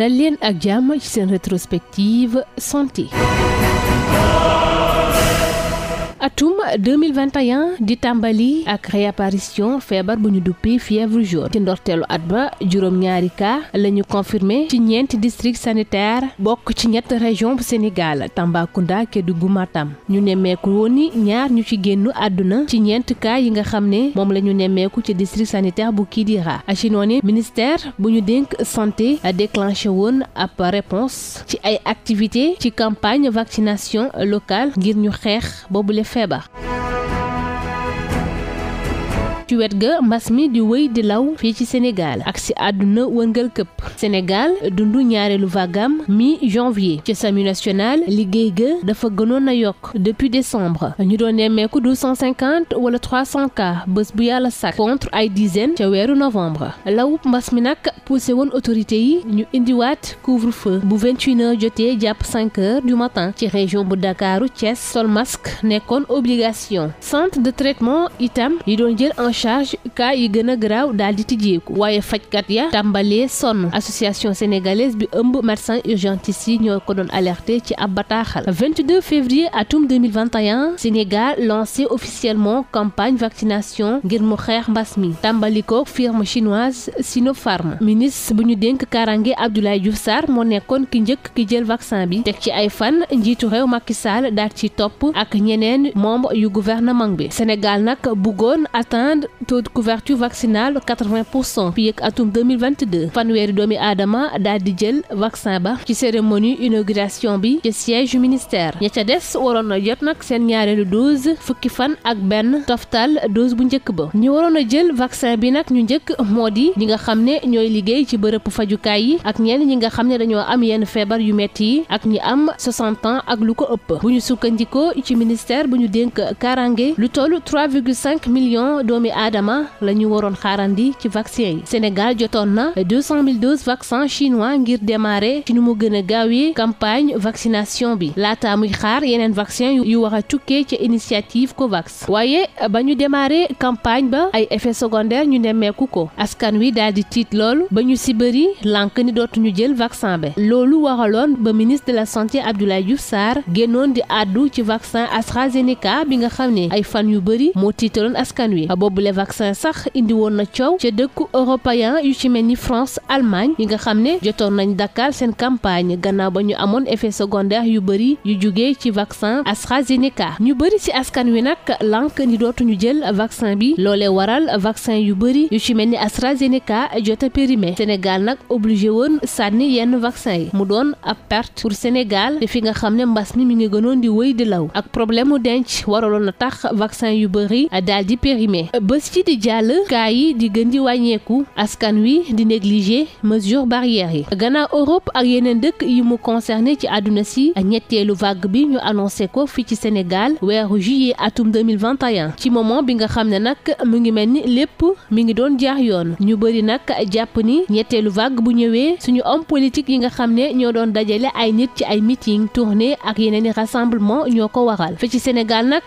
dal leen ak jàmm ci seen rétrospective santé atum 2021 di tàmbali ak réapparition feebar bu ñu duppee fièvre jaune ci ndorteelu at ba juróom-ñaari cas la ñu confirmé ci ñeenti district sanitaire bokk ci ñett région bu Sénégal Tambacounda Kédougou Matam ñu nemmeeku woon ni ñaar ñu ci génn àdduna ci ñeent cas yi nga xam ne moom la ñu nemmeeku ci district sanitaire bu Kidira ci noonu ministère bu ñu dénk santé déclenché woon ab réponse ci ay activités ci campagne vaccination locale ngir ñu xeex feebar ci wet ga mbas mi di wëy di law fii ci Sénégal ak si àdduna wëngal këpp Sénégal dund ñaareelu vagam mi janvier ci samu national liggéey ga dafa gënoon a yokk depuis décembre ñu doon nemmeeku 250 wala 300 cas bés bu yàlla sàkk contre ay dizaine ca weeru novembre lawub mbas mi nag poussé woon autorité yi ñu indiwaat couvre-feu bu 21h jotee jàpp 5h du matin ci région bu Dakaru Thiès sol masque nekkoon obligation centre de traitement itam yi doon jël en charge cas yi gën a garaaw daal di tijjeeku waaye fajkat ya tàmbalee sonn association sénégalaise bi ëmb médecins urgentistes yi ñoo ko doon alerté ci ab bataaxal 22 février atum 2021 Sénégal lancé officiellement campagne vaccination ngir mu xeex mbas mi tàmbali ko firme chinoise Sinopharm ministre bu ñu dénk kaaraange Abdoulaye Diouf Sarr moo nekkoon ki njëkk ki jël vaccin bi teg ci ay fan njiitu réew Macky Sall daal ci topp ak ñeneen membre yu gouvernement bi Sénégal nag taux de couverture vaccinale 80 pour cent fii ak atum 2022 fanweeri doomi aadama daal di jël vaccin ba ci cérémonie inauguration bi ci siège ministère ña ca des waroon na jot nag seen ñaareelu dose fukki fan ak benn toftal dose bu njëkk ba ñi waroon a jël vaccin bi nag ñu njëkk moo di ñi nga xam ne ñooy liggéey ci bërëb fajukaay yi ak ñenn ñi nga xam ne dañoo am yenn feebar yu metti yi ak ñi am 60 ans ak lu ko ëpp bu ñu sukkandikoo ci ministère bu ñu dénk kaaraange lu toll 3,5 millions aadama la ñu waroon xaarandi ci vaccin yi Sénégal jotoon na vaccin chinois ngir démarrer ci nu mu gën a gaawee campagne vaccination bi laataa muy xaar yeneen vaccin yu war a tukkee ca initiative COVAX waaye ba ñu démarrer campagne ba ay effets secondaires ñu nemmeeku ko askan wi daal di tiit lool ba ñu si bëri lànk ni dootuñu jël vaccin bi loolu waraloon ba ministre de la santé Abdoulaye Diouf Sarr génnoon di àddu ci vaccin AstraZeneca bi nga xam ne ay fan yu bëri boobule vaccin sax indi woon na coow ca dëkku européen yu ci mel ni France Allemagne yi nga xam ne jotoon nañ dakkal seen campagne gannaaw ba ñu amoon effet secondaire yu bëri yu jugee ci vaccin AstraZeneca ñu bëri ci askan wi nag lànk ni dootuñu jël vaccin bi loole waral vaccin yu bëri yu ci mel ni AstraZeneca jot a périmé Sénégal nag obligé woon sànni yenn vaccin yi mu doon ab perte pour Sénégal te fi nga xam ne mbas mi mi ngi gënoon di wëy di law ak problème mu denc waraloon na tax vaccin yu bëri daal di périmé bés ci di jàll kaa yi di gën di wàññeeku askan wi di négliger mesure barrières yi gannaaw Europe ak yeneen dëkk yi mu concerné ci àdduna si ñetteelu vague bi ñu annoncé ko fii ci Sénégal weeru juillet atum 2021 ci moment bi nga xam ne nag mu ngi mel ni lépp mi ngi doon jaar yoon ñu bëri nag jàpp ni ñetteelu vague bu ñëwee suñu homme politique yi nga xam ne ñoo doon dajale ay nit ci ay meeting tournée ak yeneen i rassemblement ñoo ko waral fii ci Sénégal nag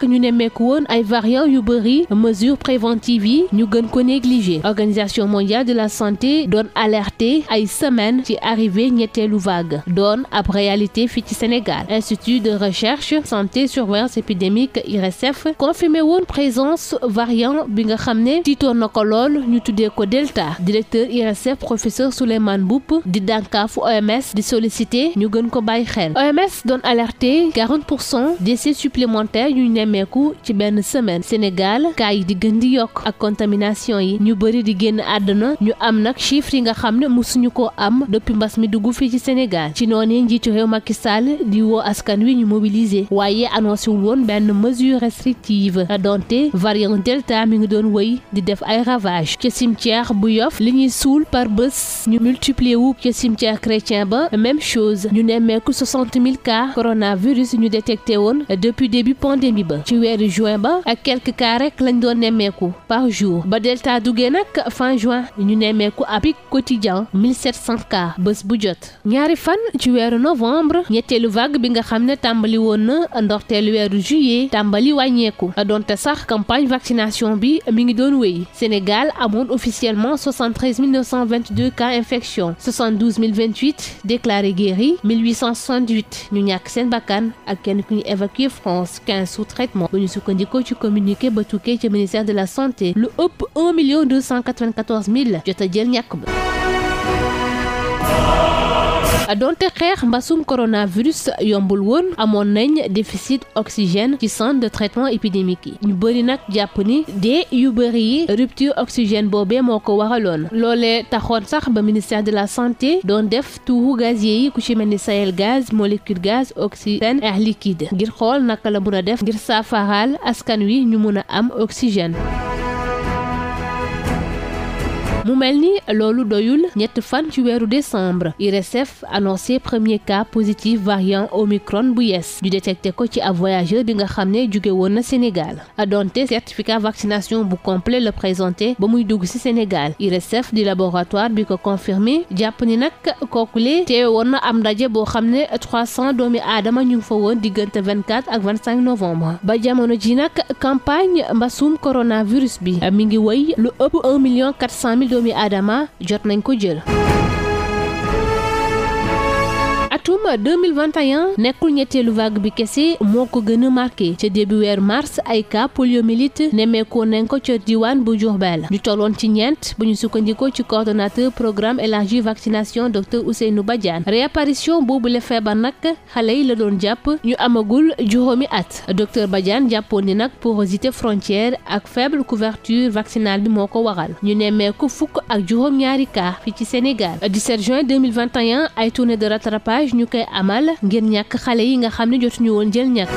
ñu préventive yi ñu gën ko négliger organisation mondiale de la santé doon alerté ay semaine ci arrivée ñetteelu vague doon ab réalité fii ci Sénégal institut de recherche santé surveillance épidémique IRSF confirmé woon présence variant bi nga xam ne tiitoon na ko lool ñu tuddee ko delta directeur IRSF professeur Souleymane Mboup di dànkaafu OMS di sollicité ñu gën ko bàyyi xel OMS doon alerté 40 pour cent décès supplémentaires yu nemmeeku ci benn semaine Sénégal cas yi di yokk ak contamination yi ñu bëri di génn àdduna ñu am nag chiffre yi nga xam ne musuñu ko am depuis mbas mi dugg fii ci Sénégal ci noonu njiit réew Macky Sall di woo askan wi ñu mobiliser waaye annoncé wul woon benn mesure restrictive donte variant delta mi ngi doon woy di def ay ravage ca cimetière bu Yoff li ñuy suul par bés ñu multiplier wu ca cimetière chrétien ba même chose ñu nemmeeku 60 000 cas coronavirus ñu détecté woon depuis début pandémie ba ci weeru juin ba ak quelques cas rek lañ doon nemmeeku par jour ba delta duggee nag fin juin ñu nemmeeku ab pic quotidien 1700 cas bés bu jot ñaari fan ci weeru novembre ñetteelu vague bi nga xam ne tambali woon na ndorteelu weeru juillet tàmbali wàññeeku donte sax campagne vaccination bi mi ngi doon wéy Sénégal amoon officiellement 73 922 cas infection 72 028 déclarés guéris 1868 ñu ñàkk seen bakkan ak kenn ku ñu évacué France 15 sous traitement bu ñu sukkandikoo ci communiqué ba tukkee ci ministère de la santé lu ëpp 1 million 294 mille jot a jël ñàkk ba donte xeex mbasum coronavirus yombul woon amoon nañ déficit oxygène ci centre de traitement épidémique yi ñu bëri nag jàpp ni dee yu bëri yi rupture oxygène boobee moo ko waraloon loole taxoon sax ba ministère de la santé doon def tuuru gazier yi ku ci mel ni Sahel gaz molécule gaz oxygène air liquide ngir xool naka la mun a def ngir saafaraal askan wi ñu mun a am oxygène. mu mel ni loolu doyul ñett fan ci weeru décembre IRSF e annoncé premier cas positif variant Omicron bu yees ñu détecté ko ci ab voyageur bi nga xam ne jóge woon na Sénégal donte certificat vaccination bu complet la présenté ba muy dugg ci Sénégal IRSF e di laboratoire bi ko confirmé jàpp ni nag kookule teewe woon na am ndaje boo xam ne 300 doomi aadama ñu ngi fa woon diggante 24 ak 25 novembre ba jamono ji nag campagne mbasum coronavirus bi mi ngi wéy lu ëpp doomi aadama jot nañ ko jël atum 2021 nekkul ñetteelu vague bi kese moo ko gën a marqué ca début weer mars ay cas poliomyélite nemmeekoo nañ ko ca diwaan bu Diourbel ñu tolloon ci ñeent bu ñu sukkandikoo ci coordonnateur programme élargi vaccination docteur Ousseynou Badiane réapparition boobu la feebar nag xale yi la doon jàpp ñu amagul juróomi at docteur Badiane jàppoon ni nag porosité frontière ak faible couverture vaccinale bi moo ko waxal ñu nemmeeku fukk ak juróom-ñaari cas fi ci Sénégal 17 juin 2021 ay tournée de yooyu ñu koy amal ngir ñàkk xale yi nga xam ne jotuñu woon jël ñàkk.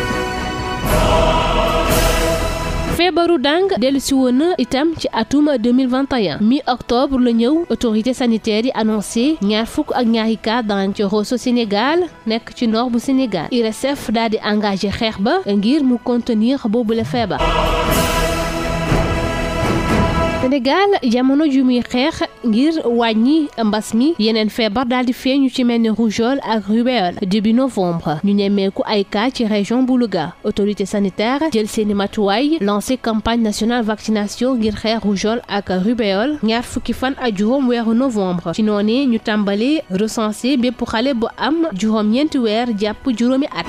feebaru dang dellusi woon na itam ci atum 2021 mi octobre la ñëw autorité sanitaire yi annoncé ñaar fukk ak ñaari cas dang ci Rosso Sénégal nekk ci nord bu Sénégal IRESSEF daal engagé xeex ba ngir mu contenir boobu feebar Sénégal jamono ju muy xeex ngir wàññi mbas mi yeneen feebar daal di feeñ ñu ci mel ni rougeole ak rubéole début novembre ñu nemmeeku ay cas ci région bu Louga autorité sanitaire jël seeni matuwaay lancé campagne nationale vaccination ngir xeex rougeole ak rubéole ñaar fukki fan ak juróom weeru novembre ci noonee ñu tàmbali recensé bépp xale bu am juróom-ñeenti weer jàpp juróomi at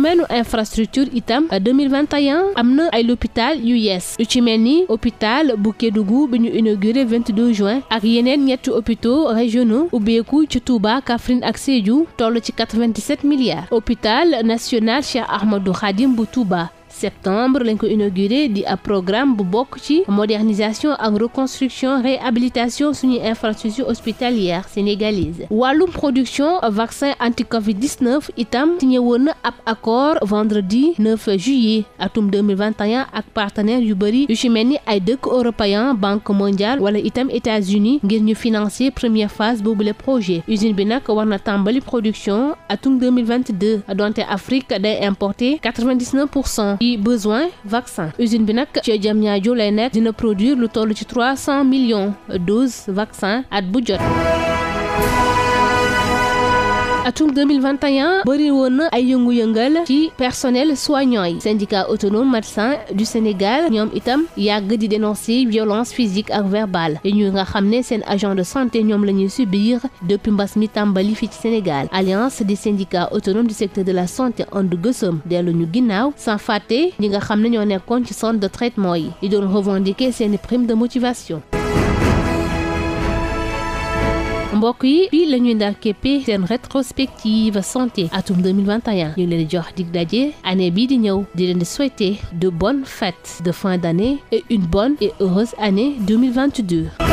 domaine infrastructure itam 2021 euh, am na ay l'hôpital yu yees yu ci mel ni hôpital bu Kédougou bi ñu inauguré 22 juin ak yeneen ñetti hôpitaux régionaux ubbeeku ci Touba Kaffrine ak Sédhiou toll ci 97 milliards hôpital national Cheikh Ahmadou Khadim bu Touba septembre lañ ko inauguré di ab programme bu bokk ci modernisation ak reconstruction réhabilitation suñuy infrastructure hospitalière sénégalaise wàllum production vaccin anti covid 19 itam signé woon na ab accord vendredi 9 juillet atum 2021 ak partenaire yu bëri yu ci mel ni ay dëkk européen banque mondiale wala itam états-unis ngir ñu financer première phase boobu le projet usine bi nag war na tambali production atum 2022 donte Afrique day importer pour cent yi besoin vaccin usine bi nag ci Diamniadio lay nekk dina produire lu toll ci trois cent millions doses vaccin at bu jot atum 2021 bëri woon na ay yëngu-yëngal ci personnel soignant yi syndicat autonome médecin du Sénégal ñoom itam yàgg di dénoncer violence physique ak verbale yi ñu nga xam ne seen agent de santé ñoom la ñuy subir depuis mbas mi tàmbali fii ci Sénégal alliance des syndicats autonomes du secteur de la santé and gësëm dellu ñu ginnaaw sans fàtte ñi nga xam ne ñoo nekkoon ci centre de traitement yi di doon revendiquer seen prime de motivation mbokk yi fii la ñuy ndar képpe seen rétrospective santé atum 2021 ñu leen jox dig daje année bii di ñëw di leen di de bonnes fêtes de fin d'année et une bonne et heureuse année 2022